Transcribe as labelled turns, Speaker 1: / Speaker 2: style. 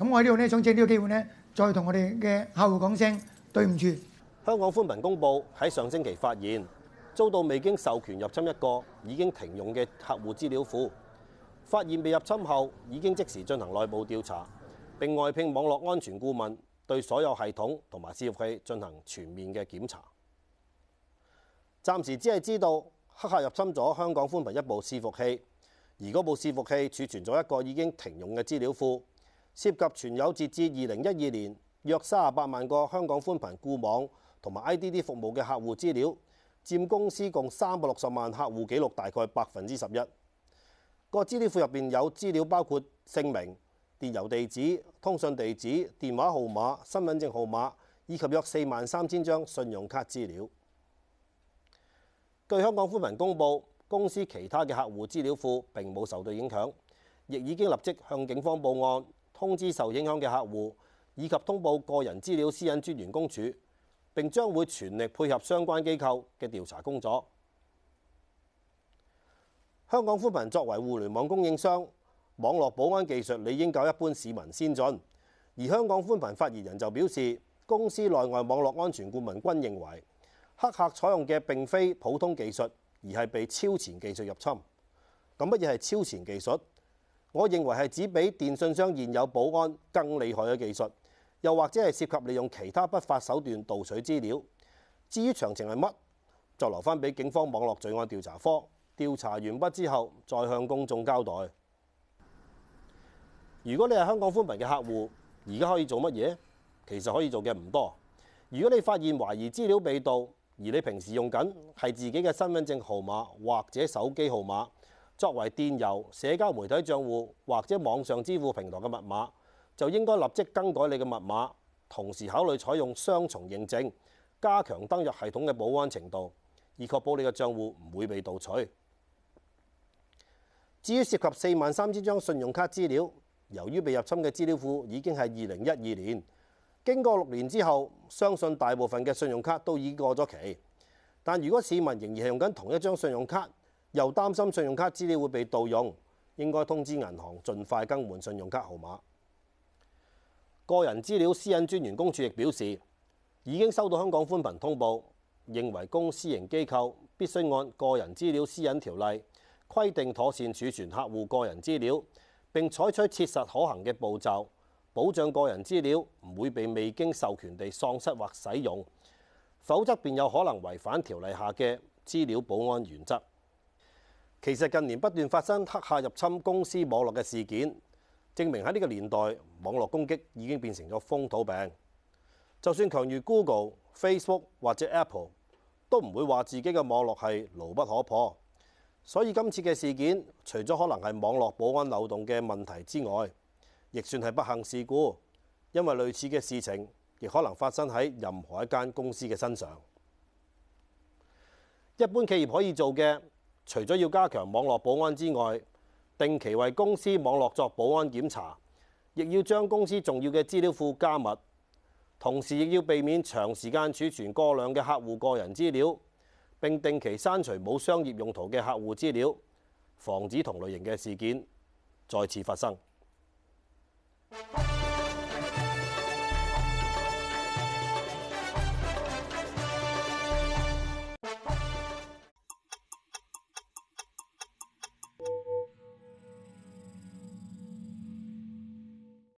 Speaker 1: 咁我喺呢度咧，想借呢個機會呢再同我哋嘅客戶講聲對唔住。香港寬頻公佈喺上星期發現遭到未經授權入侵一個已經停用嘅客戶資料庫。發現被入侵後，已經即時進行內部調查，並外聘網絡安全顧問對所有系統同埋伺服器進行全面嘅檢查。暫時只係知道黑客入侵咗香港寬頻一部伺服器，而嗰部伺服器儲存咗一個已經停用嘅資料庫。涉及存有截至二零一二年約三十八萬個香港寬頻固網同埋 I D D 服務嘅客戶資料，佔公司共三百六十萬客戶記錄大概百分之十一。個資料庫入邊有資料包括姓名、電郵地址、通訊地址、電話號碼、身份證號碼以及約四萬三千張信用卡資料。據香港寬頻公布，公司其他嘅客戶資料庫並冇受到影響，亦已經立即向警方報案。通知受影響嘅客戶，以及通報個人資料私隱專員公署，並將會全力配合相關機構嘅調查工作。香港寬頻作為互聯網供應商，網絡保安技術理應較一般市民先進。而香港寬頻發言人就表示，公司內外網絡安全顧問均認為，黑客採用嘅並非普通技術，而係被超前技術入侵。咁乜嘢係超前技術？我認為係指比電訊商現有保安更厲害嘅技術，又或者係涉及利用其他不法手段盜取資料。至於詳情係乜，就留翻俾警方網絡罪案調查科調查完畢之後再向公眾交代。如果你係香港寬頻嘅客戶，而家可以做乜嘢？其實可以做嘅唔多。如果你發現懷疑資料被盜，而你平時用緊係自己嘅身份證號碼或者手機號碼。作為電郵、社交媒體賬戶或者網上支付平台嘅密碼，就應該立即更改你嘅密碼，同時考慮採用雙重認證，加強登入系統嘅保安程度，以確保你嘅賬戶唔會被盜取。至於涉及四萬三千張信用卡資料，由於被入侵嘅資料庫已經係二零一二年，經過六年之後，相信大部分嘅信用卡都已經過咗期。但如果市民仍然係用緊同一張信用卡，又擔心信用卡資料會被盜用，應該通知銀行盡快更換信用卡號碼。個人資料私隱專員公署亦表示，已經收到香港寬頻通報，認為公私營機構必須按個人資料私隱條例規定妥善儲存客戶個人資料，並採取切實可行嘅步驟，保障個人資料唔會被未經授權地喪失或使用，否則便有可能違反條例下嘅資料保安原則。其實近年不斷發生黑客入侵公司網絡嘅事件，證明喺呢個年代，網絡攻擊已經變成咗風土病。就算強如 Google、Facebook 或者 Apple，都唔會話自己嘅網絡係牢不可破。所以今次嘅事件，除咗可能係網絡保安漏洞嘅問題之外，亦算係不幸事故，因為類似嘅事情亦可能發生喺任何一間公司嘅身上。一般企業可以做嘅，除咗要加強網絡保安之外，定期為公司網絡作保安檢查，亦要將公司重要嘅資料庫加密，同時亦要避免長時間儲存過量嘅客戶個人資料，並定期刪除冇商業用途嘅客戶資料，防止同類型嘅事件再次發生。